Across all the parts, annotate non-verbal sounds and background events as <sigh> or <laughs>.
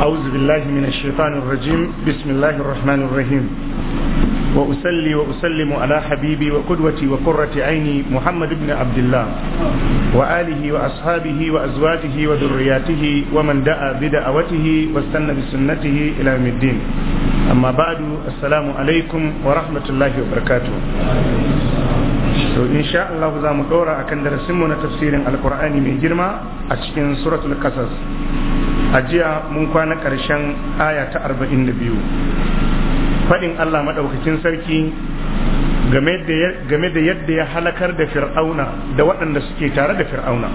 أعوذ بالله من الشيطان الرجيم بسم الله الرحمن الرحيم وأسلي وأسلم على حبيبي وقدوتي وقرة عيني محمد بن عبد الله وآله وأصحابه وأزواجه وذرياته ومن دعا بدعوته واستنى بسنته إلى يوم الدين أما بعد السلام عليكم ورحمة الله وبركاته so insha Allah za mu dora akan darasinmu na tafsirin alkur'ani mai girma a cikin suratul kasas a jiya mun kwana ƙarshen aya ta 42 faɗin Allah maɗaukakin sarki game da yadda ya halakar da fir'auna da waɗanda suke tare da fir'auna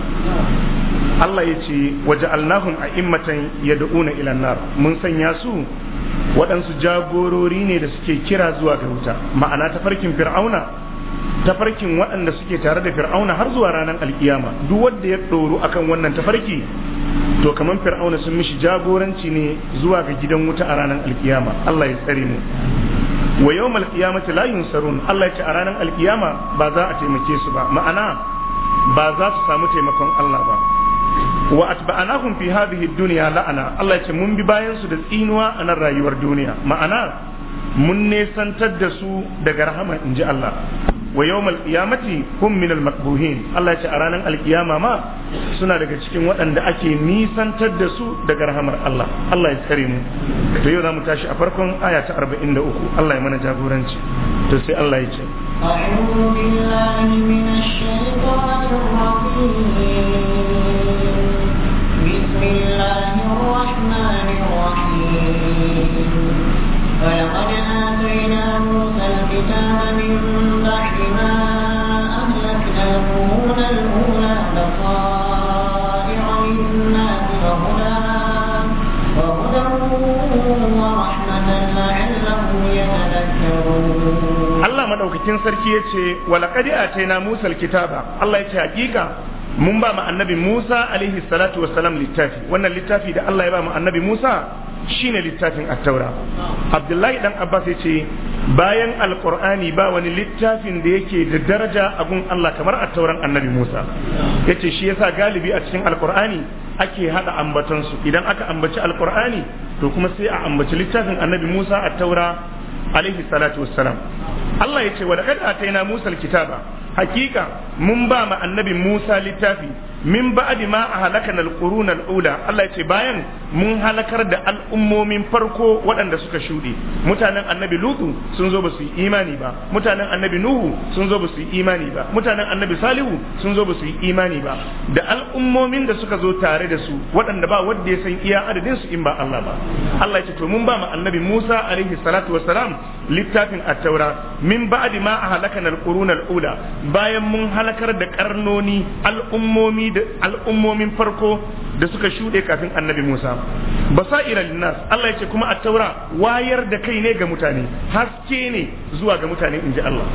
Allah ya ce waje allahun a immatan ya da'una ilannar mun sanya su waɗansu jagorori ne da suke kira zuwa ga wuta ma'ana ta farkin fir'auna tafarkin waɗanda suke tare da fir'auna har zuwa ranar alkiyama duk wanda ya ɗoru akan wannan tafarki to kamar fir'auna sun mishi jagoranci ne zuwa ga gidan wuta a ranar alkiyama Allah ya tsare mu wa yawmal qiyamati la yunsarun Allah ya ce a ranar alkiyama ba za a taimake su ba ma'ana ba za su samu taimakon Allah ba wa atba'anahum fi hadhihi dunya la'ana Allah ya ce mun bi bayan su da tsinuwa a nan rayuwar duniya ma'ana mun nesantar da su daga rahama inji Allah wa yawmal qiyamati hum min al maqbuhin Allah ya ce a ranar alkiyama ma suna daga cikin waɗanda ake nisantar da su daga rahamar Allah Allah ya tsare mu to yau zamu tashi a farkon aya ta 43 Allah ya mana jagoranci to sai Allah ya ce أعوذ بالله من الشيطان الرجيم بسم الله الرحمن الرحيم ولقد آتينا موسى الكتاب من madaukakin sarki ya ce walaƙadi a taina na musa kitaba Allah ya ce hakika mun ba mu annabi musa alaihi salatu wassalam littafi wannan littafi da Allah ya ba mu annabi musa shine littafin attaura abdullahi dan abbas ya ce bayan alqur'ani ba wani littafin da yake da daraja a gun Allah kamar attauran annabi musa ya ce shi yasa galibi a cikin alqur'ani ake hada ambatansu idan aka ambaci alqur'ani to kuma sai a ambaci littafin annabi musa attaura alaihi salatu wassalam Allah ya ce wa laqad ataina Musa alkitaba hakika mun ba ma annabi Musa littafi min ba'di ma ahlakana alquruna alula Allah ya ce bayan mun halakar da al'ummomin farko waɗanda suka shuɗe mutanen annabi Lutu sun zo ba su yi imani ba mutanen annabi Nuhu sun zo ba su yi imani ba mutanen annabi Salihu sun zo ba su yi imani ba da al'ummomin da suka zo tare da su waɗanda ba wanda ya san iya adadin su in ba Allah ba Allah ya ce to mun ba ma annabi Musa alaihi salatu wassalam littafin at-taura min ba'di ma a al-qurun al bayan mun halakar da karnoni da al'ummomin farko da suka shuɗe kafin annabi Musa sa linnas Allah ya ce kuma a taura wayar da kai ne ga mutane haske ne zuwa ga mutane inji Allah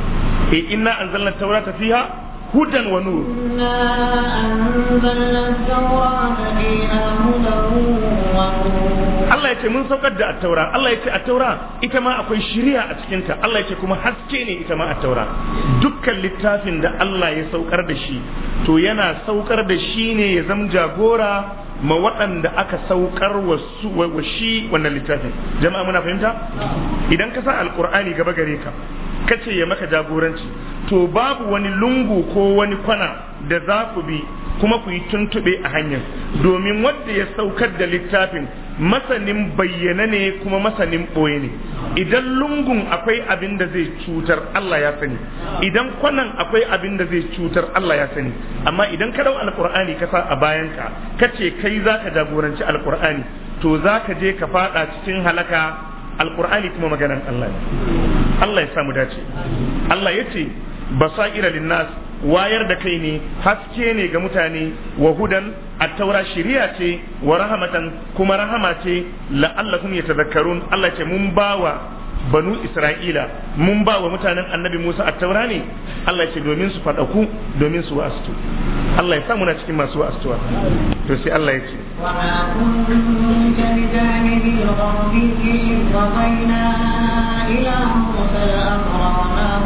e inna anzalna at hudan fiha هدى Allah ya ce mun saukar da attaura Allah ya ce attaura ita ma akwai shiriya a cikinta Allah ya ce kuma haske ne ita ma attaura dukkan littafin da Allah ya saukar da shi to yana saukar da shi ne ya zama jagora ma waɗanda aka saukar wa shi wannan littafin jama'a muna fahimta idan ka sa alkur'ani gaba gare ka kace ya maka jagoranci to babu wani lungu ko wani kwana da za ku bi kuma ku yi tuntuɓe a hanyar domin wanda ya saukar da littafin masanin bayyana ne kuma masanin ɓoye ne idan lungun akwai abin da zai cutar Allah ya sani idan kwanan akwai abin da zai cutar Allah ya sani amma idan ka dau alkur'ani ka sa a bayanka ka ce kai za ka jagoranci alkur'ani to za ka je ka faɗa cikin halaka alkur'ani kuma maganan Allah Allah ya samu dace Allah ya ce basaira linnas wayar da kai ne haske ne ga mutane wa hudan attaura shiriya ce wa rahamatan kuma rahama ce la'allakum yatadhakkarun Allah ce mun bawa banu isra'ila mun ba wa mutanen annabi musa attaura ne allah ce domin su faɗaku domin su wa'astu allah ya samu na cikin masu wa'astuwa to sai allah ya ce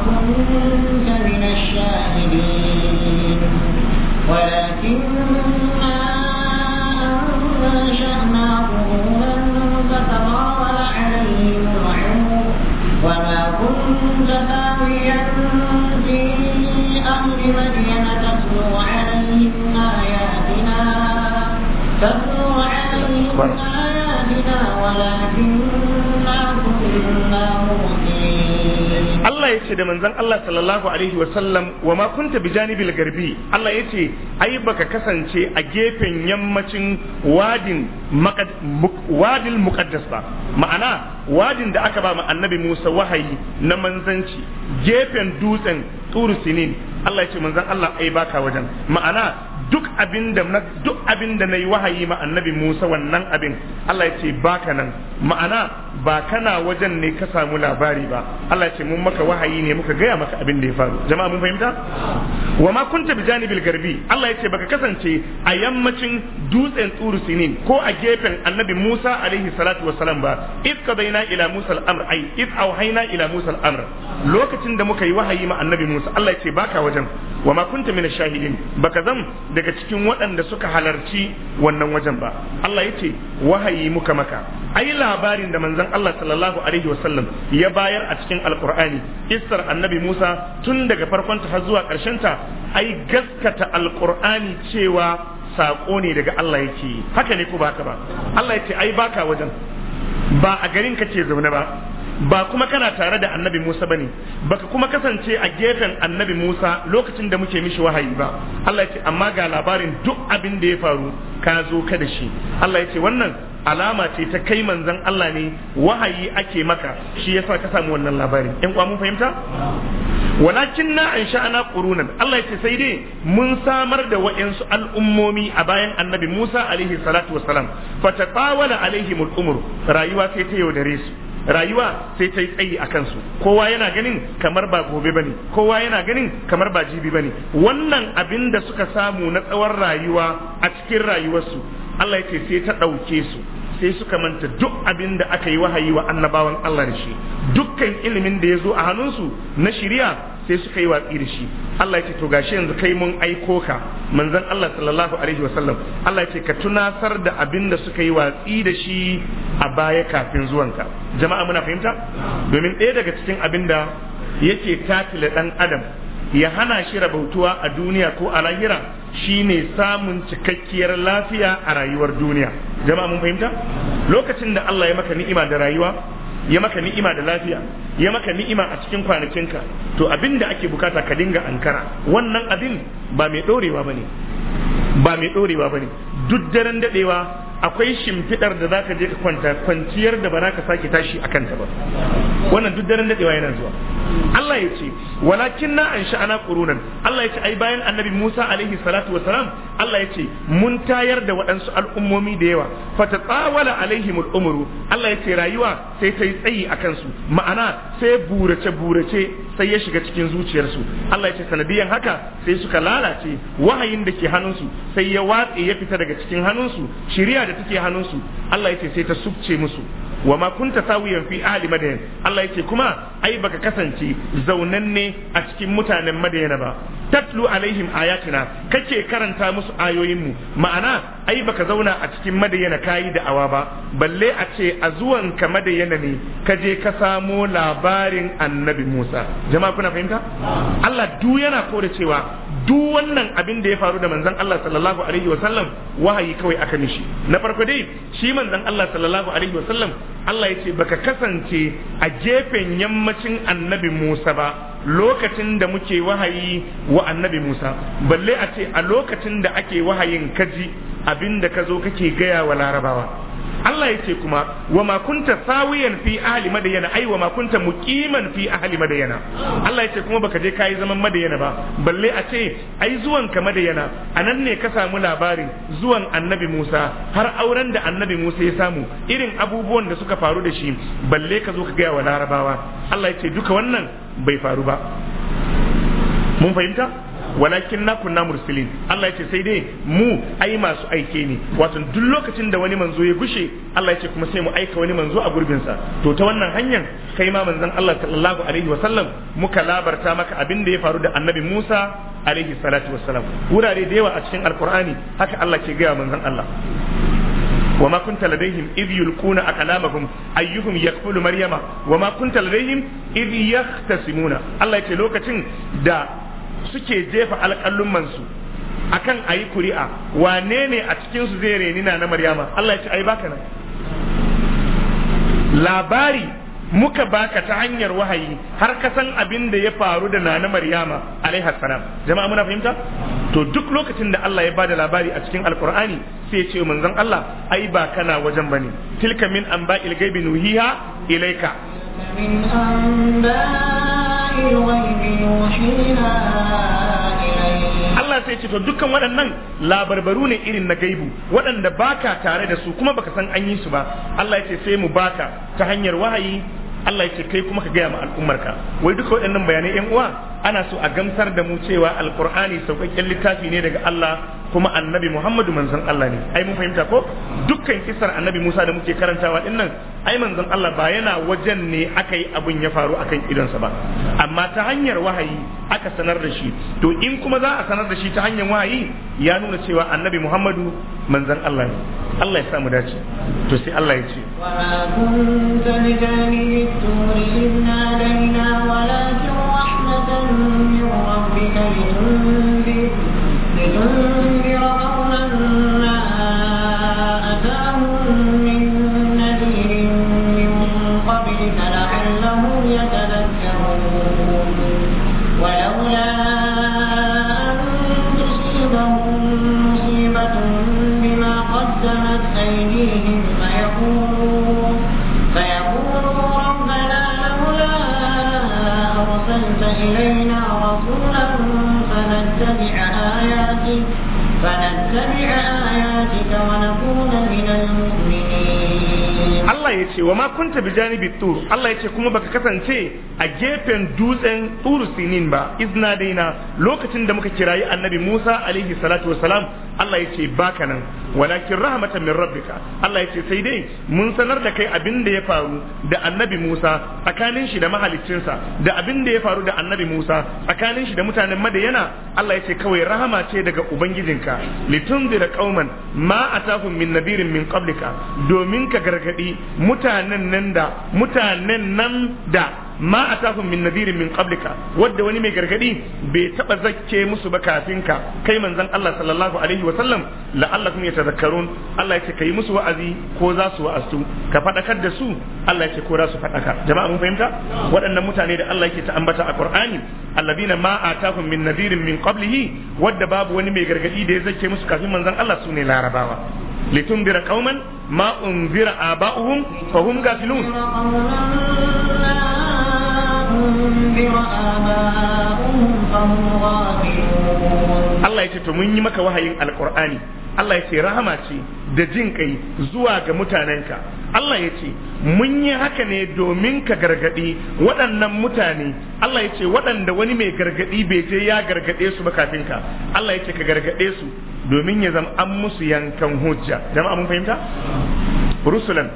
وَمَا الشاهدين ولكن ما أنشأنا قرونا فتطاول عليهم العمر وما كنت ثاويا في أهل مدين تتلو عليهم آياتنا تتلو عليهم Allah ya ce da manzon Allah sallallahu alaihi wa sallam wa ma kunta bi janibil garbi Allah ya ce ai baka kasance a gefen yammacin wadin wadil muqaddas ba ma'ana wadin da aka ba ma annabi Musa wahayi na manzanci gefen dutsen turu sinin Allah ya ce manzon Allah ai baka wajen ma'ana duk abin da na duk abin da nayi wahayi ma annabi Musa wannan abin Allah ya ce baka nan ma'ana ba kana wajen ne ka samu labari ba Allah ce mun maka wahayi ne muka gaya maka abin da ya faru jama'a mun fahimta wa ma kunta bi janibil garbi Allah ya ce baka kasance a yammacin dutsen tsuru sinin ko a gefen annabi Musa alaihi salatu wassalam ba id qadaina ila Musa al-amr ay id auhayna ila Musa al-amr lokacin da muka yi wahayi ma annabi Musa Allah ya ce baka wajen wa ma kunta min shahidin baka zam daga cikin waɗanda suka halarci wannan wajen ba Allah ya ce wahayi muka maka ai labarin da manzon manzon Allah sallallahu alaihi wasallam ya bayar a cikin alqur'ani kissar annabi Musa tun daga farkon ta har zuwa karshen ta ai gaskata alqur'ani cewa sako ne daga Allah yake haka ne ko baka ba Allah yake ai baka wajen ba a garin ka ce zaune ba ba kuma kana tare da annabi Musa bane baka kuma kasance a gefen annabi Musa lokacin da muke mishi wahayi ba Allah ya amma ga labarin duk abin da ya faru ka zo ka da shi Allah ya wannan alama ce ta kai manzan Allah ne wahayi ake maka shi yasa ka samu wannan labarin in kwa mun fahimta walakin na an sha'ana qurunan Allah ya ce sai dai mun samar da wa'ansu al'ummomi a bayan annabi Musa alaihi salatu wassalam fatatawala alaihimul umur rayuwa sai ta yaudare su rayuwa sai ta yi tsayi a kansu kowa yana ganin kamar ba gobe bane kowa yana ganin kamar ba jibi bane wannan abin da suka samu na tsawon rayuwa a cikin rayuwarsu Allah ya ce sai ta ɗauke su sai suka manta duk abin da aka yi wahayi wa annabawan Allah da shi dukkan ilimin da ya zo a hannunsu na shiriya sai suka yi watsi da shi Allah ya ce to gashi yanzu kai mun aiko ka manzon Allah sallallahu alaihi wasallam Allah ya ce ka tunasar da abin da suka yi watsi da shi a baya kafin zuwan ka jama'a muna fahimta domin ɗaya daga cikin abin da yake tatile ɗan adam ya hana shi rabautuwa a duniya ko a lahira shine samun cikakkiyar lafiya a rayuwar duniya jama'a mun fahimta lokacin da Allah ya maka ni'ima da rayuwa ya maka ni'ima da lafiya ya maka ni'ima a cikin kwanakinka to abin da ake bukata ka dinga ankara wannan abin ba mai dorewa ba mai bane duk daren dadewa akwai shimfidar da zaka je ka kwanta kwanciyar da ba za ka sake tashi a kanta ba wannan duk daren dadewa yana zuwa Allah ya ce walakin na an ana kurunan. Allah ya ce ai bayan annabi Musa alaihi salatu wa salam Allah ya ce mun tayar da waɗansu al'ummomi da yawa fata tsawala alaihim Allah ya ce rayuwa sai ta yi tsayi a kansu ma'ana sai burace burace sai ya shiga cikin zuciyarsu Allah ya ce sanadiyan haka sai suka lalace wahayin da ke hannunsu sai ya watse ya fita daga daga cikin hannunsu shiriya da take hannunsu Allah ya ce sai ta subce musu wa ma kunta sawiyan fi ahli madayan Allah ce kuma ai baka kasance zaunanne a cikin mutanen madayana ba tatlu alaihim ayatina kake karanta musu ayoyin mu ma'ana ai baka zauna a cikin madayana kayi awa ba balle a ce a zuwan ka madayana ne ka je ka samo labarin annabi Musa jama'a kuna fahimta Allah du yana kore cewa duk wannan abin da ya faru da manzon Allah sallallahu alaihi sallam wahayi kawai aka mishi na farko dai shi manzon Allah sallallahu alaihi sallam. Allah ya ce baka kasance a gefen yammacin annabi Musa ba lokacin da muke wahayi wa annabi Musa balle a ce a lokacin da ake wahayin kaji abinda ka zo kake gaya wa larabawa Allah ya ce kuma wa ma kunta sawiyan fi ahli madayana ai wa ma kunta muqiman fi ahli madayana Allah ya ce kuma baka je kai zaman madayana ba balle a ce ai zuwan ka madayana anan ne ka samu labarin zuwan annabi Musa har auren da annabi Musa ya samu irin abubuwan da suka faru da shi balle ka zo ka gaya wa larabawa Allah ya ce duka wannan bai faru ba mun fahimta walakin na kunna mursilin Allah yace sai dai mu ai masu aike ne wato duk lokacin da wani manzo ya gushe Allah yace kuma sai mu aika wani manzo a gurbin sa to ta wannan hanyar kai ma manzon Allah sallallahu alaihi wasallam muka labarta maka abin da ya faru da annabi Musa alaihi salatu sallam. wurare da yawa a cikin alqur'ani haka Allah ke gaya manzon Allah وما كنت لديهم إذ يلقون أقلامهم أيهم يقبل مريم وما كنت لديهم إذ يختصمون الله يتلوك دا suke jefa alƙallumansu akan a yi kuri'a wane ne a cikinsu zai reni na na maryama Allah ya ce ai baka nan labari muka baka ta hanyar wahayi har ka san abin da ya faru da nana maryama alaiha salam jama'a muna fahimta to duk lokacin da Allah ya bada labari a cikin alqur'ani sai ya ce manzon Allah ai ba kana wajen bane tilka min anba'il ghaibi nuhiha ilaika Allah sai ce to dukkan waɗannan labarbaru ne irin na gaibu waɗanda baka tare da su kuma baka san an yi su ba Allah ya ce sai mu baka ta hanyar wahayi Allah ya ce kai kuma ka gaya ma al'ummarka wai duka waɗannan bayanai yan uwa ana so a gamsar da mu cewa Alkur'ani saukakken littafi ne daga Allah kuma annabi Muhammadu manzon Allah ne ai mun fahimta ko dukkan kisar annabi Musa da muke karantawa din nan ai manzon Allah ba yana wajen ne aka yi abun ya faru akan idonsa ba amma ta hanyar wahayi aka sanar da shi to in kuma za a sanar da shi ta hanyar wahayi ya nuna cewa annabi Muhammadu manzon Allah ne Allah ya samu dace to sai Allah ya ce wa من ربك لتنذر yace wa ma kunta bi janibi tur Allah yace kuma baka kasance a gefen dutsen turu sinin ba izna daina lokacin da muka kirayi annabi Musa alaihi salatu wasalam Allah ya ce baka nan walakin rahmatan min rabbika Allah ya ce sai dai mun sanar da kai abin da ya faru da annabi Musa tsakanin shi da mahaliccinsa da abin da ya faru da annabi Musa tsakanin shi da mutanen Madayana Allah ya ce kawai rahama ce daga ubangijinka litunzira qauman ma atahum min nabirin min qablika domin ka gargadi mutanen nan da mutanen nan da ma atahum min nadirin min qablika wadda wani mai gargadi bai taba zakke musu ba kafin ka kai manzon Allah sallallahu alaihi wa sallam la'allakum yatadhakkarun Allah yace kai musu wa'azi ko za su wa'astu ka fadakar da su Allah yace ko za su fadaka jama'a mun fahimta waɗannan mutane da Allah yake ta ambata a Qur'ani alladina ma atahum min nadirin min qablihi wadda babu wani mai gargadi da ya zakke musu kafin manzon Allah sune larabawa litunbira qauman ma unzira aba'uhum fa gafilun Allah ya ce to mun yi maka wahayin alkur'ani Allah ya ce rahama ce da jin kai zuwa ga mutanenka Allah ya ce mun yi haka ne domin ka gargaɗi waɗannan mutane Allah ya ce waɗanda wani mai gargaɗi bai je ya gargaɗe su ba kafin ka Allah ya ce ka gargaɗe su domin ya zama an musu yankan hujja jama'a mun fahimta rusulan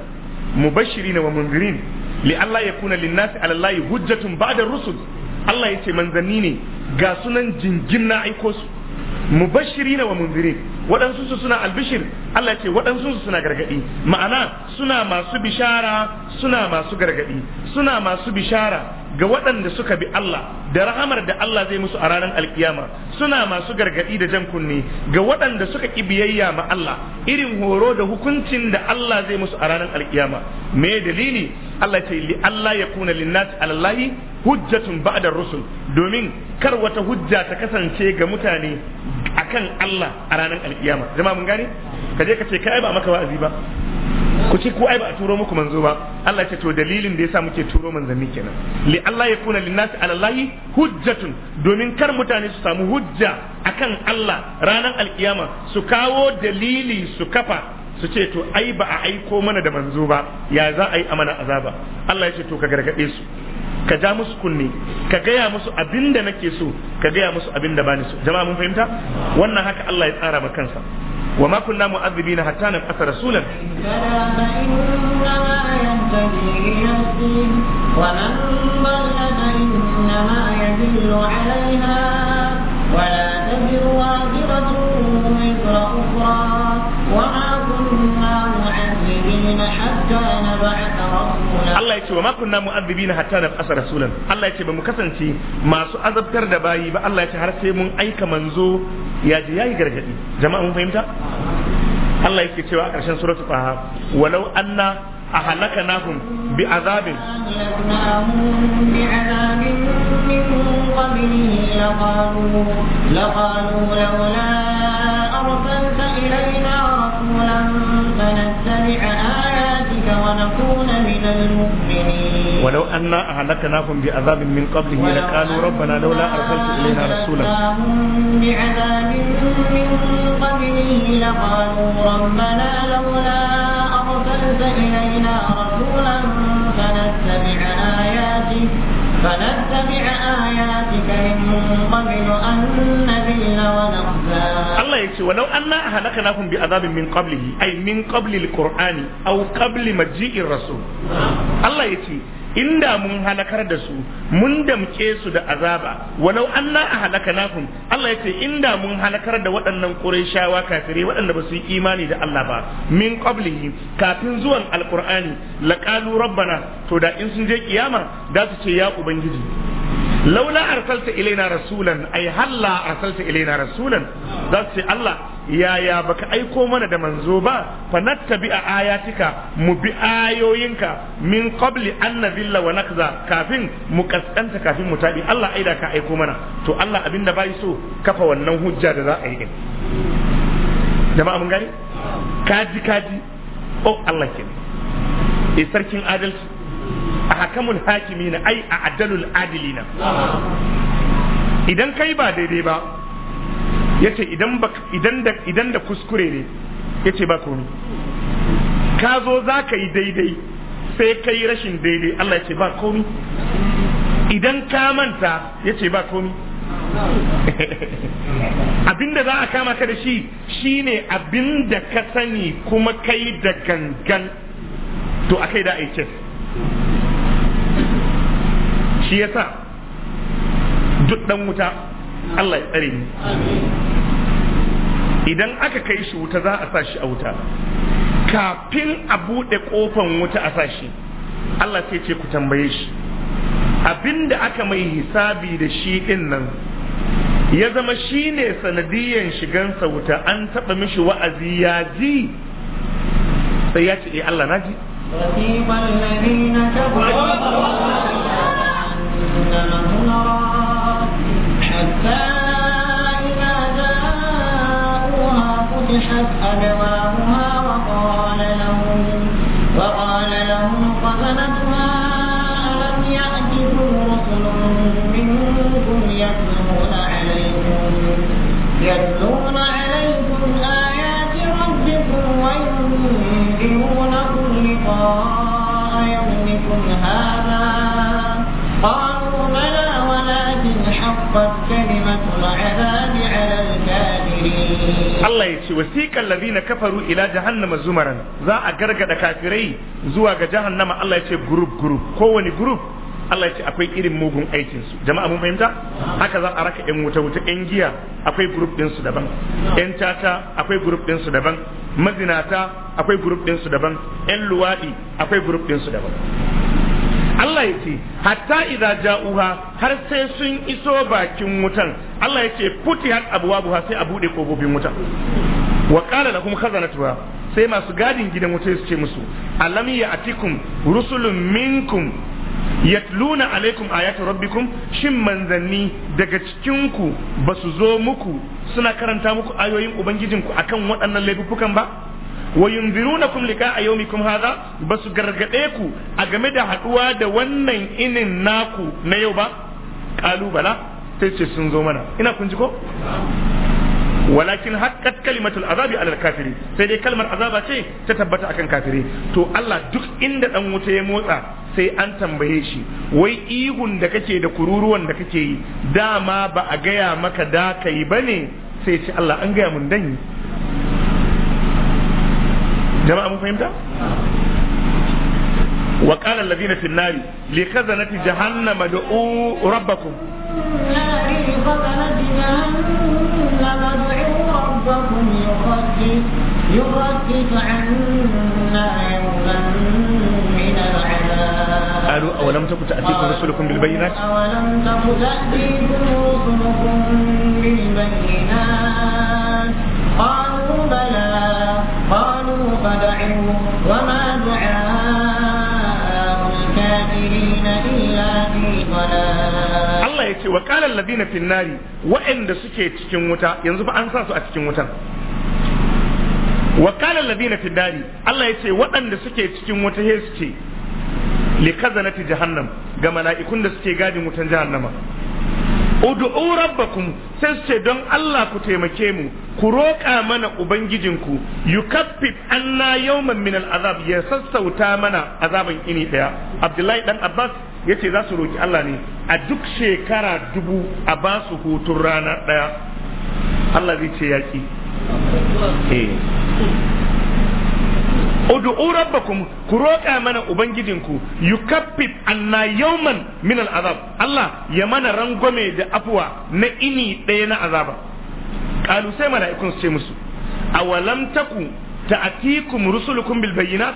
mubashirin wa munzirin li Allah ya kuna linnasi alallahi hujjatun ba'da rusul Allah ya ce manzanni ne ga sunan jingin na aiko su mubashirina wa munzirin waɗansu suna albishir Allah ce waɗansu suna gargaɗi ma'ana suna masu bishara suna masu gargaɗi suna masu bishara ga waɗanda suka bi Allah da rahamar da Allah zai musu a ranar alkiyama suna masu gargaɗi da jan kunne ga waɗanda suka ki biyayya ma Allah irin horo da hukuncin da Allah zai musu a ranar alkiyama me dalili Allah ce li Allah ya kuna linnati alallahi hujjatun ba'da rusul domin kar wata hujja ta kasance ga mutane akan Allah a ranar alkiyama jama'a mun gane ka je ka ce kai ba maka wa'azi ba ku ci ko ai ba a turo muku manzo ba Allah ya ce to dalilin da yasa muke turo manzanni kenan li Allah ya kuna linnati alallahi hujjatun domin kar mutane su samu hujja akan Allah ranar alkiyama su kawo dalili su kafa su ce to ai ba a aiko mana da manzo ba ya za a yi amana azaba Allah ya ce to ka gargaɗe su ka ja musu kunne ka gaya musu abin da nake so ka gaya musu abin da bani so jama'a mun fahimta wannan haka Allah ya tsara ma kansa wa ma kunna mu'adhibina hatta nan asa rasulan ولا Allah ya ce wa makunna mu'adhibina hatta na asa rasulan Allah ya ce ba mu kasance masu azabtar da bayi ba Allah ya ce har sai mun aika manzo ya je yayi gargadi jama'a mun fahimta Allah yake cewa a ƙarshen suratul faha walau anna أهلكناهم بعذاب بعذاب من قبله لقالوا ولو أن أهلكناهم بعذاب من قبله لقالوا ربنا لولا أرسلت إلينا رسولا بعذاب من قبله لقالوا ربنا لولا أرسلت إلينا رسولا فنتبع آياتك فنتبع آياتك من قبل أن نذل ونخزى الله يقول ولو أن أهلكناهم بعذاب من قبله أي من قبل القرآن أو قبل مجيء الرسول الله يقول inda mun halakar da su mun damke su da azaba walau anna a halaka nafin Allah ya ce inda mun halakar da waɗannan ƙurayshawa kafirai waɗanda ba su yi imani da Allah ba min qablihi kafin zuwan alqur'ani laqalu rabbana to da in sun je kiyama da su ce ya ubangiji laula arsalta ilaina rasulan ai halla arsalta ilaina rasulan za su ce Allah yaya baka aiko mana da manzo ba fa nattabi a ayatika mu bi ayoyinka min qabli an nadilla kafin mu kaskanta kafin mu tabi Allah aida ka aiko mana to Allah abinda bai so kafa wannan hujja da za a yi din jama'a mun gani kaji kaji oh Allah kenan eh sarkin adalci A hakimi hakimina ai a adalul adilina idan kai ba daidai ba yace idan ba idan da idan da kuskure ne yace ba komai ka zo za ka yi daidai sai ka yi rashin daidai Allah ya ce ba komi idan ka manta ya ce ba komi <laughs> abinda za a kama ka da shi shine abinda ka sani kuma kai da gangan to akai da aikin shi sa duk dan wuta Allah ya tsare ni idan aka kai shi wuta za a sa shi a wuta kafin a buɗe ƙofan wuta a sa shi Allah sai ce ku tambaye shi abinda aka mai hisabi da shi ɗin nan ya zama shi ne sanadiyan shigansa wuta an taɓa mishi wa'azi ya ji sai ya ce eh, Allah na ji جهنم زمرا حتى إذا جاءوها فتحت أبوابها وقال لهم وقال لهم خزنتها ألم يأتكم رسل منكم يتلون عليكم يتلون عليكم آيات ربكم وينذرونكم لقاء يومكم هذا قال Allah ya ce wasiqal ladina kafaru ila jahannama zumaran za a gargada kafirai zuwa ga jahannama Allah ya ce group group kowane group Allah ya ce akwai irin mugun aikin su jama'a mun fahimta haka za a raka yan wuta wuta yan giya akwai group din su daban yan tata akwai group din su daban mazinata akwai group din su daban yan luwadi akwai group din su daban Allah ya ce hatta idza ja'uha har sai sun iso bakin wutan Allah ya ce futi futihat abwabuha sai a bude kofofin wutan wa qala lahum khazanatuha sai masu gadin gidan wuta su ce musu alam ya'tikum rusulun minkum yatluna alaikum ayati rabbikum shin manzanni daga cikin ku basu zo muku suna karanta muku ayoyin ubangijinku akan waɗannan laifukan ba wa lika liqa'a yawmikum hadha basu gargade ku a game da haduwa da wannan inin naku na yau ba qalu bala sai ce sun zo mana ina kun ji ko walakin haqqat kalimatul azabi ala kafiri sai dai kalmar azaba ce ta tabbata akan kafiri to Allah duk inda dan wuta ya motsa sai an tambaye shi wai ihun da kake da kururuwan da kake yi dama ba a gaya maka da kai bane sai ce Allah an gaya mun danyi جماعة مفهمتها وقال الذين في النار لخزنة جهنم ادعوا ربكم قالوا أولم تكن تأتيكم رسلكم بالبينات أولم تكن تأتيكم رسلكم بالبينات قالوا بلى قالوا فدعوا وما دعاء الكافرين إلا في ضلال Allah ya ce wa ƙalar ladina finnari wa'anda suke cikin wuta yanzu ba an sa su a cikin wutan wa ƙalar ladina finnari Allah ya ce waɗanda suke cikin wuta he suke likazanati jahannam ga mala'ikun da suke gadin wutan jahannama Udu'u rabbakum sai su ce don Allah ku taimake mu ku roƙa mana ubangijinku yukaffif anna yawman min al'azab ya sassauta mana azaban ini daya Abdullahi dan Abbas yace za su roki Allah ne a duk shekara dubu a ba su hutun rana daya Allah zai ce yaki eh ud'u rabbakum ku roƙa mana ubangijinku yukaffif anna yawman min azab Allah ya mana rangwame da afuwa na ini ɗaya na azaba qalu sai mala'ikun su ce musu awalam taku ta'atikum rusulukum bil bayyinat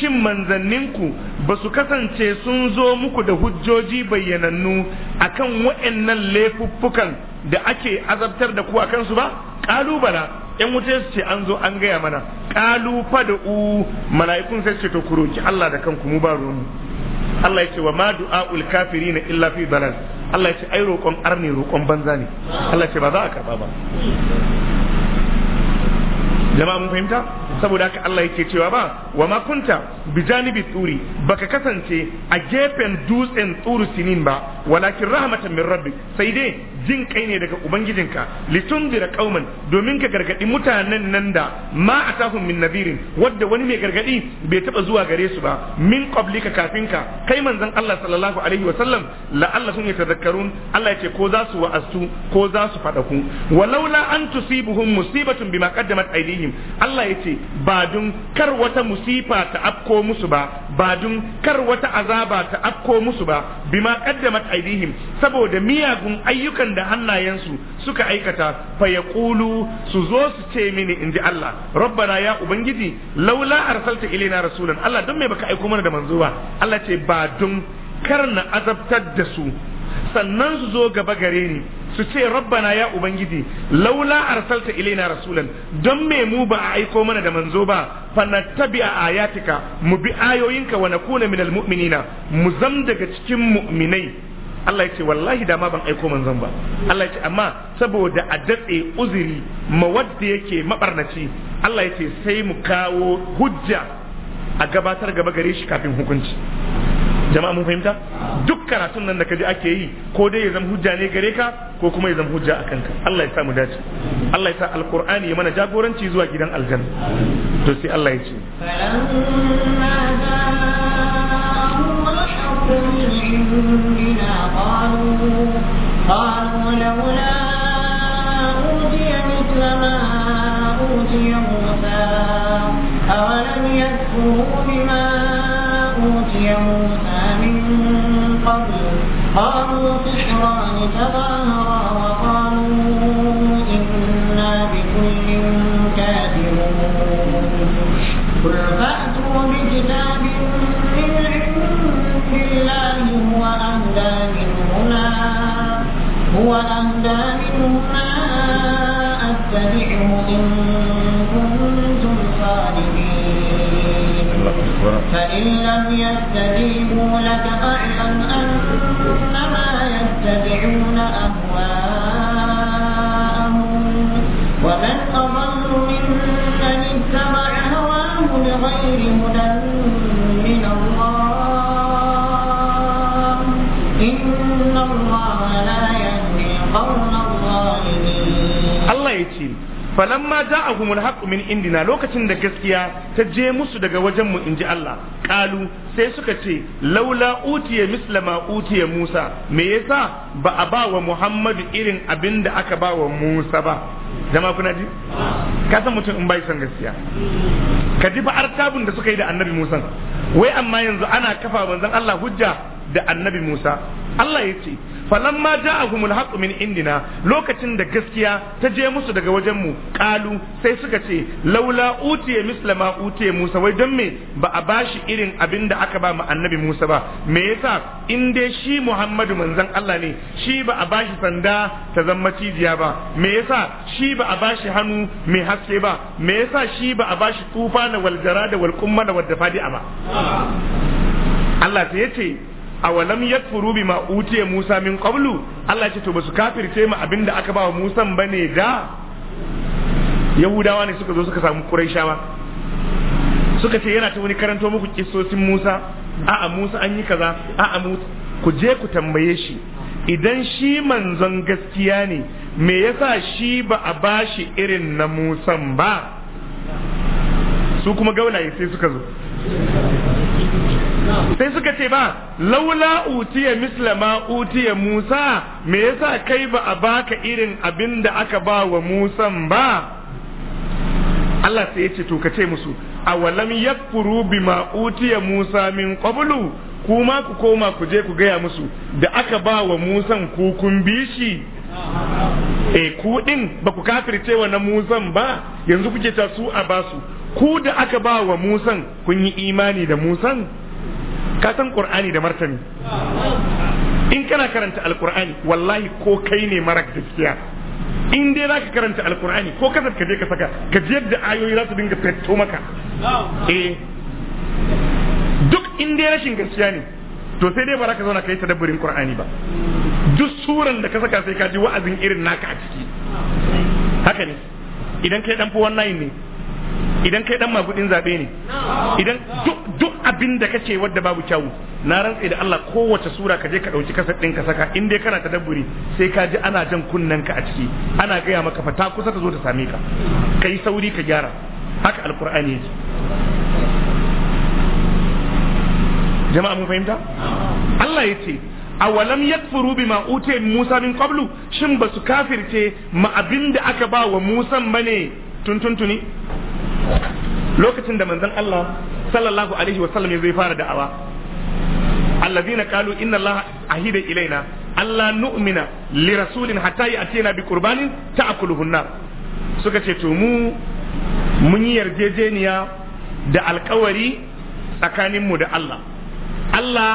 shin manzanninku ba su kasance sun zo muku da hujjoji bayyanannu akan wa'annan laifuffukan da ake azabtar da ku akan su ba ƙalubala yan wuce su ce an zo an gaya mana kalu u mala'ikun sai ce to ku roki Allah da kanku mu ba ruwan Allah ya ce wa ma kafiri na illa fi balal Allah ya ce ai roƙon arni roƙon banza ne Allah ya ce ba za a karɓa ba jama'a mun fahimta saboda haka Allah yake cewa ba wa ma kunta bijanibi turi baka kasance a gefen dutsen turu sinin ba walakin rahmatan min rabbik sai dai jin kai ne daga ubangijinka litundira qauman domin ka gargadi mutanen nan da ma atahum min nadirin wanda wani mai gargadi bai taba zuwa gare su ba min qablika kafin ka kai manzon Allah sallallahu alaihi wa sallam la'allahum yatadhakkarun Allah yace ko za su wa'astu ko za su fadaku walaula an tusibahum musibatun bima qaddamat aydihim Allah yace ba dun kar wata musifa ta afko musu ba ba dun kar wata azaba ta afko musu ba bima qaddamat aidihim saboda miyagun ayyukan da hannayensu suka aikata fa yaqulu su zo su ce mini inji Allah rabbana ya ubangiji laula arsalta ilaina rasulan Allah don me baka aiko mana da manzo ba Allah ce ba dun kar na azabtar da su sannan su zo gaba gare ni su ce rabbana ya ubangiji laula arsalta ilaina rasulan don me mu ba a aiko mana da manzo ba fanattabi a ayatika mu bi ayoyinka wa nakuna minal mu'minina mu zam daga cikin mu'minai Allah ya ce wallahi da ma ban aiko manzon ba Allah ya ce amma saboda a datse uzuri mawadda yake mabarnaci Allah ya ce sai mu kawo hujja a gabatar gaba gare shi kafin hukunci jama'a mun fahimta duk karatun nan da kaji ake yi ko dai ya zama hujja ne gare ka ko kuma ya zama hujja a kanka Allah ya sa mu dace Allah ya sa alqur'ani ya mana jagoranci zuwa gidan aljanna to sai Allah ya ce أولم يكفروا بما أوتي موسى قالوا سحران تظاهرا وقالوا إنا بكل كافرون قل فأتوا بكتاب من عند الله هو أهدى منهما هو أهدى منهما أتبعه إن كنتم صادقين فإن لم يستجيبوا لك falamma ja'ahumul haqqu min indina lokacin da gaskiya ta je musu daga wajen mu inji Allah qalu sai suka ce laula utiya misla ma utiya Musa me yasa ba a ba wa Muhammadu irin abin da aka ba wa Musa ba jama'a kuna ji ka san mutum in bai san gaskiya ka ji ba artabun da suka yi da Annabi Musa wai amma yanzu ana kafa manzon Allah hujja da annabi Musa Allah ya ce falamma ja'ahumul a min indina lokacin da gaskiya ta je musu daga wajen mu qalu sai suka ce laula utiye misla ma utiye Musa wai don me ba a bashi irin abin da aka ba mu annabi Musa ba me yasa in dai shi Muhammadu manzon Allah ne shi ba a bashi sanda ta zama cijiya ba me yasa shi ba a bashi hannu mai haske ba me yasa shi ba a bashi tufa na waljara da walqumma da wadda fadi'a ba Allah sai yace awalam yakfuru bima utiya Musa min qablu Allah ce to basu kafirce mu abinda aka ba Musa bane da Yahudawa ne suka zo suka samu Quraishawa suka ce yana ta wani karanto muku kissosin Musa a'a Musa an yi kaza a'a Musa ku je ku tambaye shi idan shi manzon gaskiya ne me yasa shi ba a bashi irin na Musan ba su kuma gauna sai suka zo sai suka ce ba laula utiya misla ma utiya musa me yasa kai ba a baka irin abin da aka ba wa musan ba Allah sai ya ce to ka ce musu awalam yakfuru bima utiya musa min qablu kuma ku koma ku je ku gaya musu da aka ba wa musan ku kun bi e ku din ba ku kafirce wa na musan ba yanzu kuke ta su a basu ku da aka ba wa musan kun yi imani da musan ka san qur'ani da martani in kana karanta alqur'ani wallahi ko kai ne mara gaskiya in dai zaka karanta alqur'ani ko kasar ka je ka saka ka ji yadda ayoyi za su dinga fetto maka eh duk in dai rashin gaskiya ne to sai dai ba za ka zauna kai yi tadabburin qur'ani ba duk suran da ka saka sai ka ji wa'azin irin naka a ciki haka ne idan kai dan fi wannan ne idan kai dan magudin zabe ne idan duk duk abin da kace wadda babu kyawu na rantse da Allah kowace sura ka je ka dauki kasar din ka saka in dai kana tadabburi sai ka ji ana jan kunnen ka a ciki ana gaya maka fa ta kusa ta zo ta same ka kai sauri ka gyara haka alqur'ani yake jama'a mun fahimta Allah yace awalam yakfuru bima uti Musa min qablu shin ba su kafirce ma abinda aka ba wa Musa bane tuntuntuni lokacin da manzon Allah sallallahu alaihi wa sallam zai fara da'awa allazina qalu inna allaha ahida ilaina alla nu'mina li rasulin hatta ya'tina bi qurbanin ta'kuluhu nar suka ce to mu mun yi yarjejeniya da alkawari tsakaninmu da Allah Allah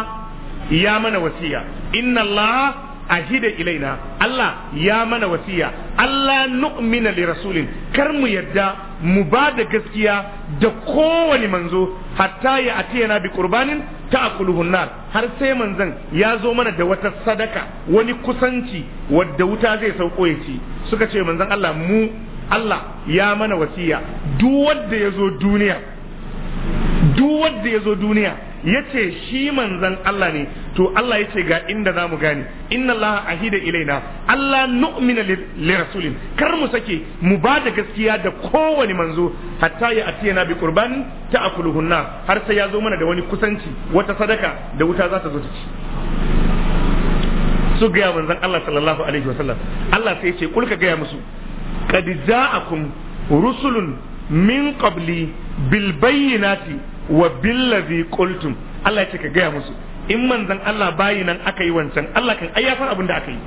ya mana wasiya inna allaha ahida ilaina Allah ya mana wasiya Allah nu'mina li rasulin kar mu yadda mu ba da gaskiya da kowane manzo hatta ya atiyana bi qurbanin ta'kuluhu nar har sai manzon ya zo mana da wata sadaka wani kusanci wadda wuta zai sauko ya ci suka ce manzon Allah mu Allah ya mana wasiya duk wanda ya zo duniya duk wanda ya zo duniya ya ce shi manzan Allah ne to Allah ya ce ga inda za mu gane inna Allah ahida ilaina Allah nu'mina li rasulin kar mu sake mu ba da gaskiya da kowane manzo hatta ya atiyana bi qurbanin ta'kuluhunna har sai ya zo mana da wani kusanci wata sadaka da wuta za ta zo ta ci su gaya manzan Allah sallallahu alaihi wasallam Allah sai ya ce kulka gaya musu qad ja'akum rusulun min qabli bil bayyinati wa billazi qultum Allah ya ce ka gaya musu in manzan Allah bayi nan aka yi wancan Allah kan ai ya abin da aka yi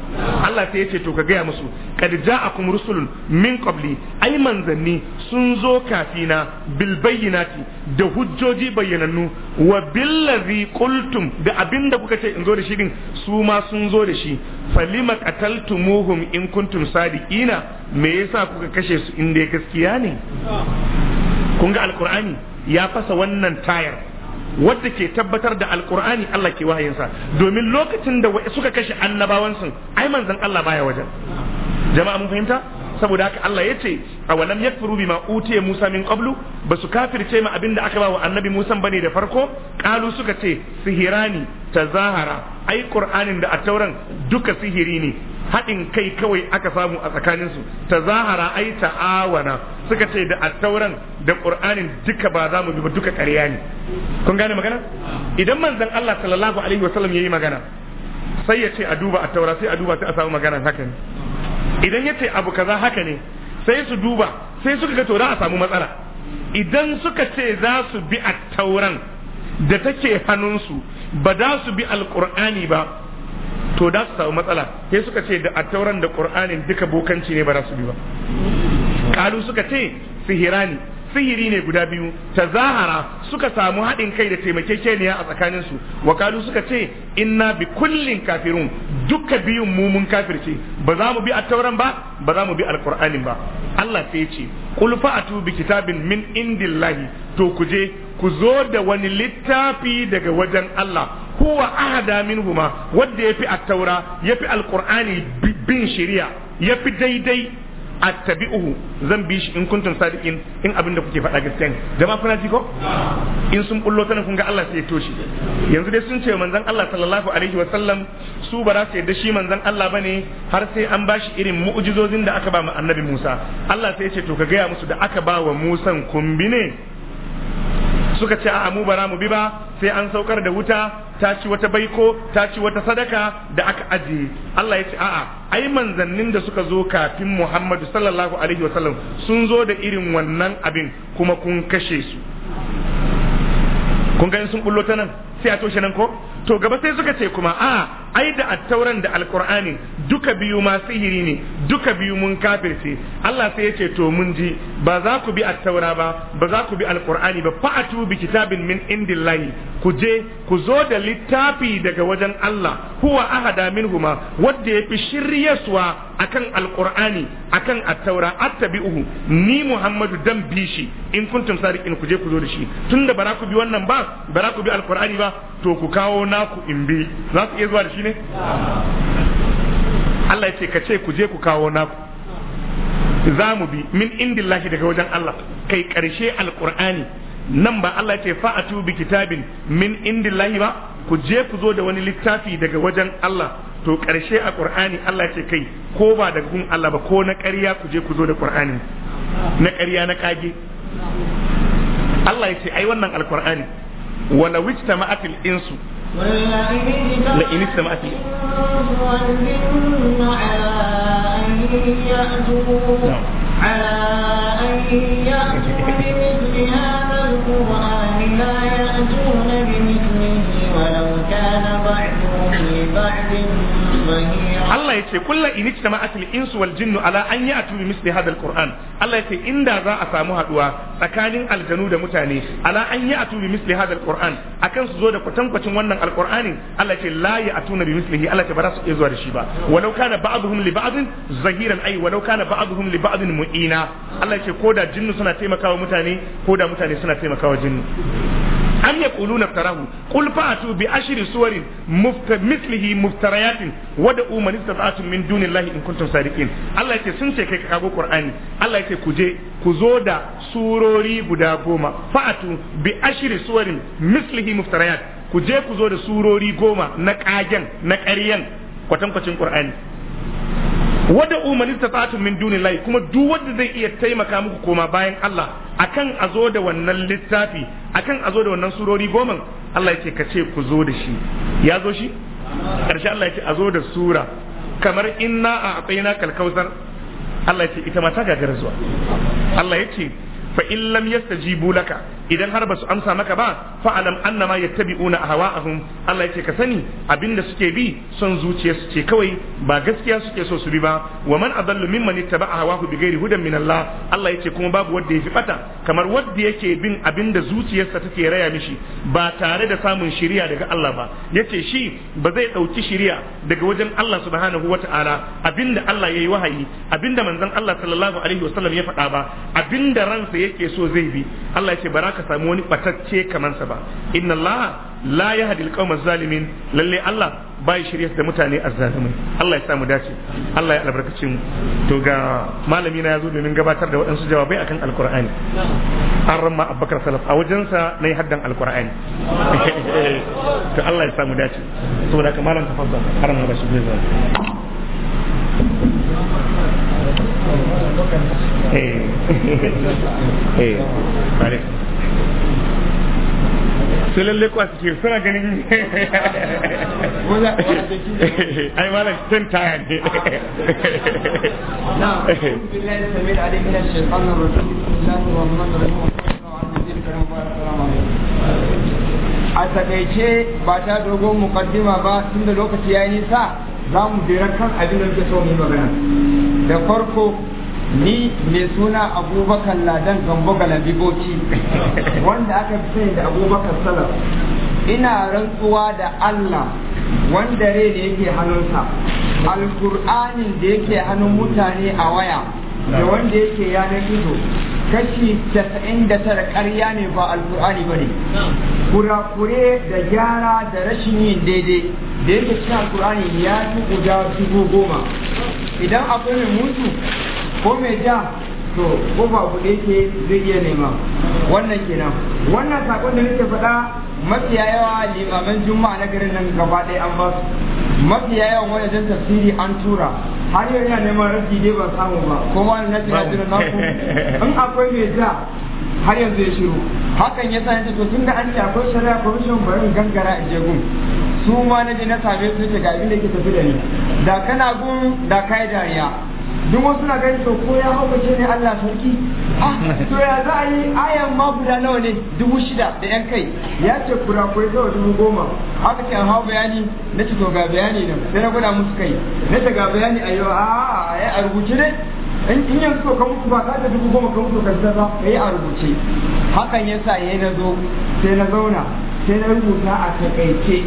Allah sai ya ce to ka gaya musu kad ja'akum rusulun min qabli ai manzanni sun zo kafina bil bayyinati da hujjoji bayyanannu wa billazi qultum da abinda kuka ce in zo da shi din su ma sun zo da shi falima qataltumuhum in kuntum sadiqina me yasa kuka kashe su in dai gaskiya ne kun ga alqur'ani ya fasa wannan tayar wadda ke tabbatar da alkur'ani Allah ke wahayinsa domin lokacin da suka kashe annabawansu ai manzon Allah baya wajen jama'a mun fahimta saboda haka Allah ya ce a walam yakfuru bima utiya Musa min qablu basu kafirce ma abinda aka ba wa annabi Musa bane da farko kalu suka ce sihirani tazahara ai qur'anin da attauran duka sihiri ne haɗin kai kawai aka samu a tsakaninsu ta zahara ai ta'awana suka ce da attauran da ƙur'anin duka ba za mu bi ba duka ƙarya ne kun gane magana idan manzon Allah sallallahu alaihi wasallam yayi magana sai ya ce a duba attaura sai a duba sai a samu magana haka ne idan ya ce abu kaza haka ne sai su duba sai suka ga to za a samu matsala idan suka ce za su bi attauran da take hannunsu ba za su bi alƙur'ani ba to da su samu matsala sai suka ce da attauran da qur'anin duka bokanci ne ba za su bi ba kalu suka ce sihirani sihiri ne guda biyu ta zahara suka samu haɗin kai da taimakekeniya a tsakaninsu wa kalu suka ce inna bi kullin kafirun duka biyun mu mun kafirce ba za mu bi attauran ba ba za mu bi alqur'anin ba Allah sai ya ce qul fa'atu bi kitabin min indillahi to ku je ku zo da wani littafi daga wajen Allah huwa ahada minhuma wanda yafi at-taura yafi al-qur'ani bin shari'a yafi daidai attabi'uhu zan bi shi in kuntum sadiqin in abin da kuke faɗa gaskiya ne jama'a kuna ji ko in sun bullo tana kun ga Allah sai ya toshi yanzu dai sun ce manzon Allah sallallahu alaihi wasallam su ba za su yadda shi manzon Allah bane har sai an bashi irin mu'jizozin da aka ba mu annabi Musa Allah sai ya ce to ka gaya musu da aka ba wa Musan kumbi ne suka ce a mu bara mu bi ba sai an saukar da wuta ta ci wata baiko ta ci wata sadaka da aka ajiye Allah ya ce a'a ai manzannin da suka zo kafin Muhammadu sallallahu alaihi wasallam sun zo da irin wannan abin kuma kun kashe su kun ga sun bullo ta nan sai a toshe nan ko to gaba sai suka ce kuma a'a. ai da attauran da alkur'ani duka biyu ma sihiri ne duka biyu mun kafirce Allah sai ya ce to mun ji ba za ku bi attaura ba ba za ku bi alkur'ani ba fa'atu bi kitabin min indillahi ku je ku zo da littafi daga wajen Allah huwa ahada minhuma wanda yafi shiryaswa akan alkur'ani akan attaura attabi'uhu ni Muhammadu dan bi shi in kuntum sadiqin ku je ku zo da shi tunda ba ku bi wannan ba ba ku bi alkur'ani ba to ku kawo naku in bi za ku iya zuwa da shi ne Allah ya ce ka ce ku je ku kawo naku za mu bi min indillahi daga wajen Allah kai karshe Alƙur'ani nan ba Allah ya ce fa'atu bi kitabin min indillahi ba ku je ku zo da wani littafi daga wajen Allah to karshe a ƙur'ani Allah ya ce kai ko ba daga gun Allah ba ko na ƙarya ku je ku zo da ƙur'ani na ƙarya na kage Allah ya ce ai wannan alqur'ani wala wijtama'atil insu لئن اجتمعت على أن يأتوا بمثل هذا القرآن Allah yace kullu inijtama'atil insu wal jinnu ala an a tubi misli hadha qur'an Allah ce inda za a samu haduwa tsakanin aljanu da mutane ala an a tubi misli hadha alquran akan su zo da kwatankwacin wannan alqur'ani Allah yace la ya'tuna bi mislihi Allah ce ba za su iya zuwa da shi ba walau kana ba'dhum li ba'dhin zahiran ai walau kana ba'dhum li ba'dhin mu'ina Allah yace koda jinnu suna taimakawa mutane koda mutane suna taimakawa jinnu am yaquluna tarahu qul fa'atu bi ashri suwarin mithlihi muftariyatin wa da'u man istata'tum min dunillahi in kuntum sadiqin Allah yace sun ce kai ka kago Qur'ani Allah yace ku je ku zo da surori guda goma fa'atu bi ashri suwarin mithlihi muftariyat ku je ku zo da surori goma na kagen na ƙaryan kwatankwacin Qur'ani wada ta tata'atun min lai kuma duk wanda zai iya taimaka muku koma bayan Allah akan a zo da wannan littafi akan a zo da wannan surori goman Allah ya ce ka ce ku zo da shi ya zo shi karshe Allah ya ce a zo da sura kamar inna a atsayina kalkausar Allah ya ce ita ma ta gagara zuwa Allah ya ce fa in lam yastajibu laka idan har ba su amsa maka ba fa alam annama yattabi'una ahwa'ahum Allah yake ka sani abinda suke bi son zuciyarsu ce kawai ba gaskiya suke so su bi ba wa man adallu mimman ittaba'a hawahu bighairi hudan min Allah Allah yake kuma babu wanda yafi bata kamar wanda yake bin abinda zuciyarsa take raya mishi ba tare da samun shiriya daga Allah ba yace shi ba zai dauki shiriya daga wajen Allah subhanahu wata'ala abinda Allah yayi wahayi abinda manzon Allah sallallahu alaihi wasallam ya faɗa ba abinda ransa yake so zai bi Allah yake bara ka samu wani batacce kamar sa ba inna Allah la yahdi alqawma zalimin lalle Allah bai shirye da mutane azzalimai Allah ya samu dace Allah ya albarkace mu to ga malami na yazo domin gabatar da waɗansu jawabai akan alqur'ani an abubakar salaf a wajensa na yi haddan alqur'ani <laughs> to Allah ya samu dace saboda ka malam tafaddal har zai zai hey, hey sai lalle kwa suke suna ganin <laughs> ai malam tun taya ne a takaice ba ta dogon mukaddima ba tun da lokaci ya yi nisa za mu jira kan abin da muke so mu magana da farko ni mai suna abubakar ladan gambo galabi bauchi wanda aka fi sani da abubakar salaf ina rantsuwa da allah wanda rai da yake hannunsa alkur'anin da yake hannun mutane a waya da wanda yake yanar gizo kashi casa'in da tara karya ne ba alkur'ani ba ne kurakure da gyara da rashin yin daidai da yake cikin alkur'ani ya fi guda dubu goma idan akwai mai mutu ko mai ja to ko ba buɗe ke zai iya nema wannan kenan wannan sakon da nake faɗa mafiya yawa limaman juma'a na garin nan gaba ɗaya an ba su mafiya yawan wajen tafsiri an tura har yau yana neman rafi dai ba samu ba ko ma na jira jira na ku in akwai mai ja har yanzu ya shiru hakan ya sanya to tun da an ce akwai shari'a commission barin gangara in je gun su ma na je na same su ce ga abin da ke tafi da ni da kana gun da kai dariya duk wasu na gani to ko ya hau ne Allah sarki ah, to ya za a yi ayan ma guda nawa ne dubu shida da yan kai ya ce kurakurai zuwa dubu goma haka ce hau bayani na ce to ga bayani nan sai na gwada musu kai na ce ga bayani a yau a ah, a rubuce ne in yanzu ka mutu ba ka da dubu goma ka mutu karshen ba ka yi a rubuce hakan ya sa ya na zo sai na zauna sai na rubuta a takaice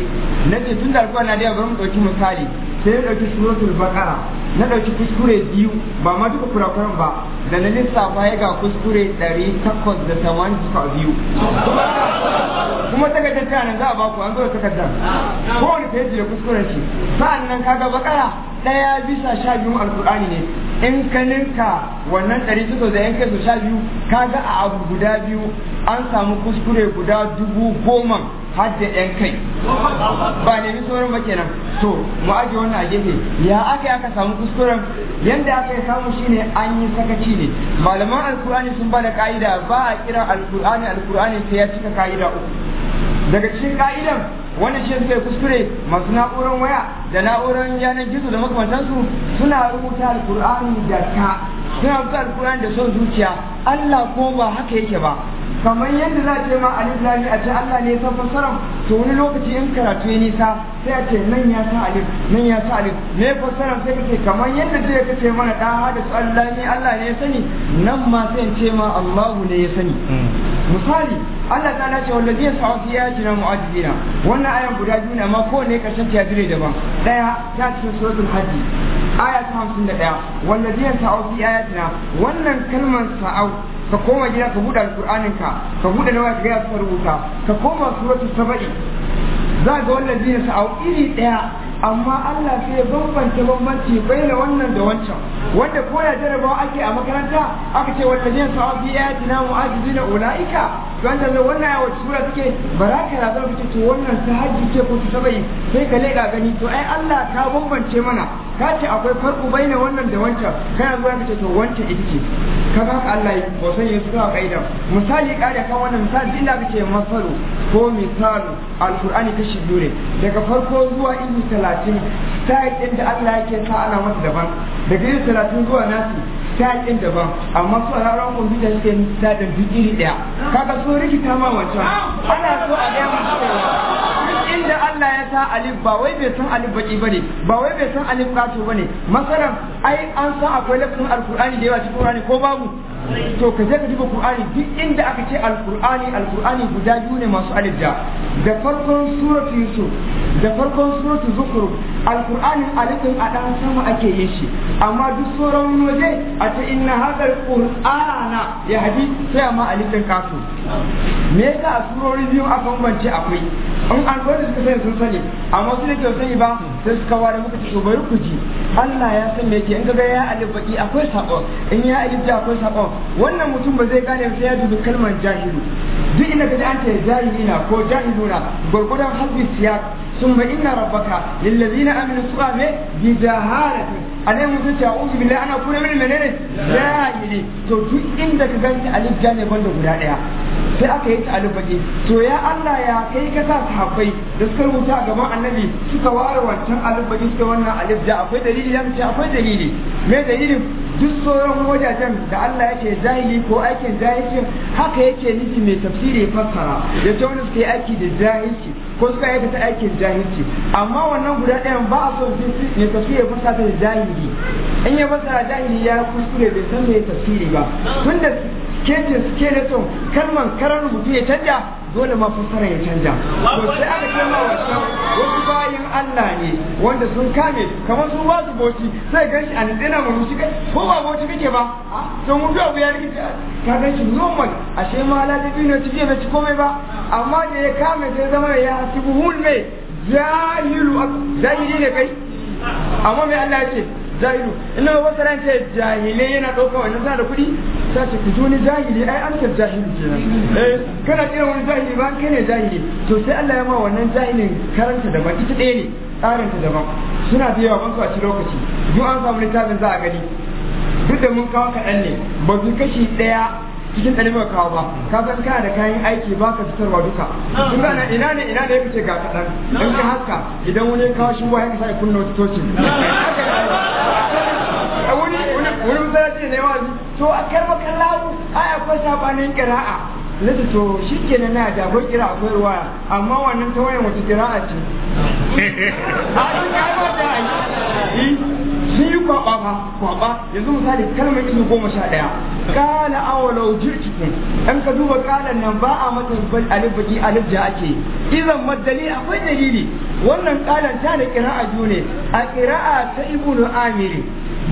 na ce tun da alkuwa na da bari mu ɗauki misali sai na ɗauki suratul bakara na ɗauki kuskure biyu ba ma duka kurakuran ba da na lissafa ya ga kuskure ɗari takwas da tamanin suka biyu kuma takardar ta nan za a baku an zo da takardar kowane yi da kuskuren shi sa'an nan kaga bakara ɗaya bisa sha biyu alkur'ani ne in ka ninka wannan ɗari suka da yanke su sha biyu ka ga a abu guda biyu an samu kuskure guda dubu goma har da yan kai ba nemi sauran ba kenan to mu aje wannan a gefe ya aka yi aka samu kuskuren yanda aka yi samu shine an yi sakaci ne malaman alkur'ani sun bada ka'ida ba a kira alkur'ani alkur'ani sai ya cika ka'ida uku daga cikin ka'idan wani shi suka kuskure masu na'urar waya da na'urar yanar gizo da makamantansu suna rubuta alkur'ani da ka suna rubuta alkur'ani da son zuciya Allah ko ba haka yake ba kamar yadda za ce ma alif lami a ce Allah ne ya san fassara to wani lokaci in karatu ya nisa sai a ce nan ya sa alif nan ya sa alif me fassara sai kace kamar yadda zai kace mana da hada su Allah ne Allah ne ya sani nan ma sai in ce ma Allahu ne ya sani hmm. misali Allah ta ce wallazi ya sa'a fi ayatina mu'adibina wannan ayan guda biyu ne amma kowanne karshen ta daban Ɗaya ta cikin suratul hajji aya ta hamsin da ɗaya wanda zai sa'au fi ayatina wannan kalmar sa'au ka koma gida ka buɗe alƙur'anin ka ka buɗe nawa ka gaya rubuta ka koma suratu saba'i za ga wannan zai sa'au iri ɗaya amma Allah sai ya bambanta bambanci baina wannan da wancan wanda ko da jarabawa ake a makaranta aka ce wanda jin sawa fi ayatina na mu'ajizi na ulaika wanda da wannan ayat sura take baraka na zan fice to wannan ta hajji ce ko ta bai sai ka leƙa gani to ai Allah ta bambance mana ka ce akwai farko baina wannan da wancan kai yanzu ka ce to wancan ita ce ka ga Allah ya san ya suka kaida misali kare kan wannan misali illa ka ce masalu ko misalu alqur'ani kashi biyu ne daga farko zuwa izu talatin style din da Allah yake sa ana masa daban daga izu talatin zuwa nasi style din daban amma su a ranar kwamfuta suke style din duk iri daya kaga so rikita ma wancan ana so a ga mutum inda Allah ya sa alif ba wai bai san alif baki bane ba wai bai san alif kato bane masalan ai an san akwai lafin alqur'ani da yawa cikin qur'ani ko babu to ka je ka duba qur'ani duk inda aka ce alqur'ani alqur'ani guda biyu ne masu alif da da farkon suratu yusuf da farkon suratu zukur alqur'ani alifin a dan sama ake yin shi amma duk sauran waje a ce inna hadal qur'ana ya hadi sai amma alifin kato me yasa a surori biyu a bambance akwai in an gwada suka sani sun sani amma su da ke sani ba sai suka ware muka ce bari ku ji Allah ya san me yake in kaga ya alif baki akwai sabon in ya alif akwai sabon wannan mutum ba zai gane sai ya dubi kalmar jahilu duk inda kaji an ce na ko jahiluna gurgudan hasbi siyak ثم إن ربك للذين آمنوا سؤال بجهالة أنا مسلم أعوذ بالله أنا kuna mini menene jahili To duk inda ka gani alif ne banda guda daya sai aka yi ta baki to ya Allah ya kai ka sa sahabbai da suka rubuta a gaban annabi suka ware wancan baki suka wannan alif da akwai dalili ya ce akwai dalili me dalilin duk sauran wajajen da Allah yake jahili ko aikin jahilcin haka yake nufi mai tafsiri fassara da ta wani aiki da jahilci ko suka yi aiki aikin jahilci amma wannan guda ɗayan ba a so ne tafsiri fassara ta jahili in ya fassara jahili ya kuskure bai san mai tafsiri ba tunda na tsohon kalman karar rubutu ya canja dole ma fassara ya canja to sai aka kama wasan wasu bayan Allah ne wanda sun kame kamar sun ba su boci sai ga shi an dina mu shi ko ba boci kike ba ah, to mun ga abu ya rikice ka ga shi normal ashe ma ladabi ne tije na ci komai ba amma da ya kame sai zama ya hasibu hulme jahilu jahili ne kai amma mai Allah ya ce jahilu in na wasu ran ce yana ɗauka wannan sa da kuɗi ta ce ku wani jahili ai an san jahili kenan eh kana kira wani jahili ba kai ne jahili to sai Allah ya ma wannan jahilin karanta daban ita ɗaya ne tsarinta daban suna da yawa ban su a ci lokaci duk an samu littafin za a gani duk da mun kawo kaɗan ne ba su kashi ɗaya cikin ɗari ba kawo ba ka san kana da kayan aiki ba ka fitarwa duka duk ana ina ne ina ne yake ga kaɗan in ka haska idan wani ya kawo shi wa ya kasa ya kunna wata tocin ce na wazi to a karba kallahu ai akwai sabanin kira'a na to shi ke na na da akwai kira akwai ruwa amma wannan ta wayan wata kira'a ce <laughs> a yi kama da yi sun yi kwaba fa kwaba yanzu misali kalmar izu goma sha ɗaya kala awalau jirkikin ɗan ka duba kalan nan ba a mata alif baki alif ja ake izan madali akwai dalili wannan kalan ta da kira'a june a kira'a ta ibnu amiri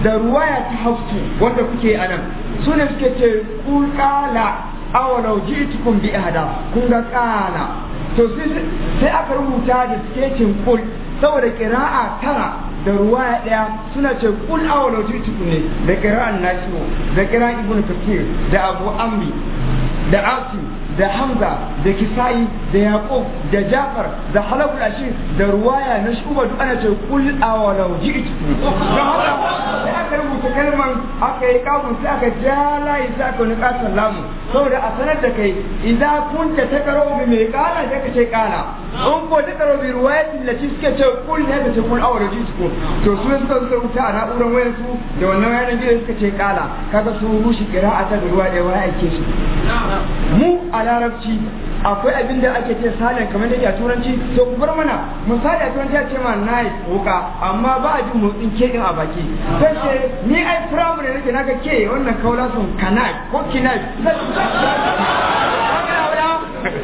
da ruwaya ta hafsu wanda kuke anan su ne suke ce kun kala awalau ji'tukum bi ahada kun ga kala to sai aka rubuta da siketin kul saboda kira'a tara da ruwaya daya suna ce kul awalau ji'tukum ne da kira'an nasu da kira'an ibnu kathir da abu amri da asim da hamza da kisa'i da yaqub da jafar da halabul ashir da ruwaya na shuba duk ana ce kul awalau ji'tu da haka aka rubuta kalman aka yi kafin sai aka ja layi sai aka nika sallamu saboda a sanar da kai idan kun ta karo bi mai kala sai ka ce kala in ko ta karo bi ruwayatin da suka ce kul ne ka ce kul awalau ji'tu to su suka rubuta a na'urar wayar su da wannan yanar gizo suka ce kala kaga su rushe a ta ruwa da waya ake shi mu larabci akwai abin da ake ce salin kamar da ke a turanci to ku bar mana misali a turanci a ce ma yi wuka amma ba a jin motsin ke din a baki sai ce ni ai firamare nake naka ke wannan kaula sun kanai ko kinai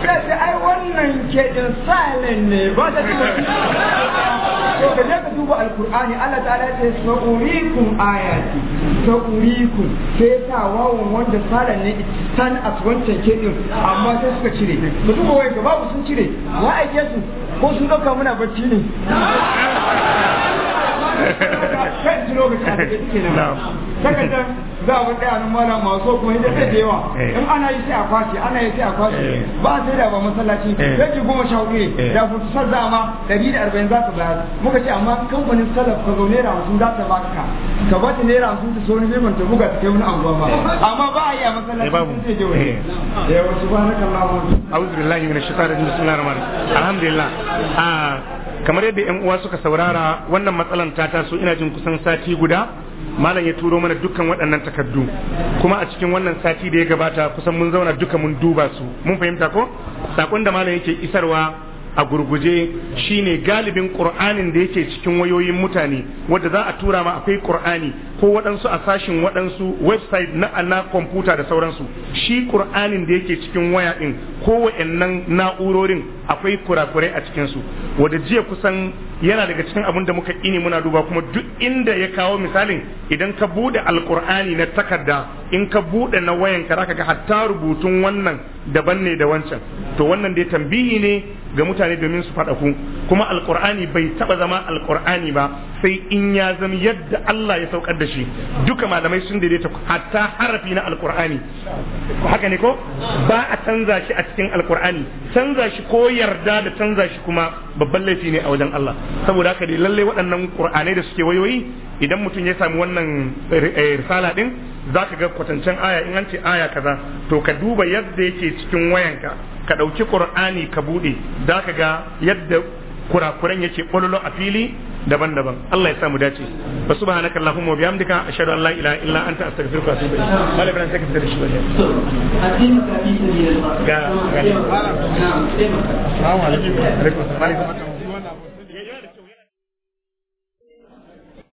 sai ai wannan ke din silent ne ba ta to ka je ka duba alkur'ani Allah ta'ala ya ce sa'urikum ayati sa'urikum sai ta wawan wanda salan ne san as wancan ke din amma sai suka cire ka duba wai babu sun cire wa aike su ko sun dauka muna bacci ne <laughs> lokacin da kake za a tsaya nan mala masu kuma hidda zai da yawa eh. in ana yi sai a kwashe ana yi sai a kwashe eh. ba sai da ba masallaci sai eh. goma sha hudu da furtu sa zama ɗari da arba'in za ka bayar muka ce amma kamfanin salaf ka zo naira hamsin za ta baka ka ba ta naira hamsin ta so ni zai ta buga ta kai wani anguwa ba amma ba a yi a masallaci sai je wani da yawa subhanakallahu a'udhu billahi minash shaitanir rajim bismillahir rahmanir alhamdulillah ah, kamar yadda yan uwa suka saurara wannan matsalan ta taso ina jin kusan sati guda malam ya turo mana dukkan waɗannan takardu kuma a cikin wannan sati da ya gabata kusan mun zauna duka mun duba su mun fahimta ko sakon da malam yake isarwa a gurguje shine galibin qur'anin da yake cikin wayoyin mutane wanda za a tura ma akwai qur'ani ko waɗansu a sashin waɗansu website na na kwamfuta da sauransu shi qur'anin da yake cikin waya din ko wa'annan na'urorin akwai kurakurai a cikin su wanda jiya kusan yana daga cikin abin da muka ini muna duba kuma duk inda ya kawo misalin idan ka bude alkur'ani na takarda in ka buɗe na wayan ka zaka ga hatta rubutun wannan daban ne da wancan to wannan dai tambihi ne ga mutane domin su faɗa ku kuma alqur'ani bai taɓa zama alqur'ani ba sai in ya zama yadda Allah ya saukar da shi duka malamai sun daidaita hatta harafi na alqur'ani haka ne ko ba a canza shi a cikin alqur'ani canza shi ko yarda da canza shi kuma babban laifi ne a wajen Allah saboda haka dai lallai waɗannan ƙur'anai da suke wayoyi idan mutum ya sami wannan eh, risala ɗin za ka ga kwatancen aya in an ce aya kaza to ka duba yadda yake cikin wayanka ka ɗauki ƙur'ani ka buɗe za ka ga yadda kurakuran yake ƙwallon a fili daban-daban Allah ya samu dace ba subhanaka allahumma wa bihamdika ashhadu an la ilaha illa anta astaghfiruka wa da shi ga ga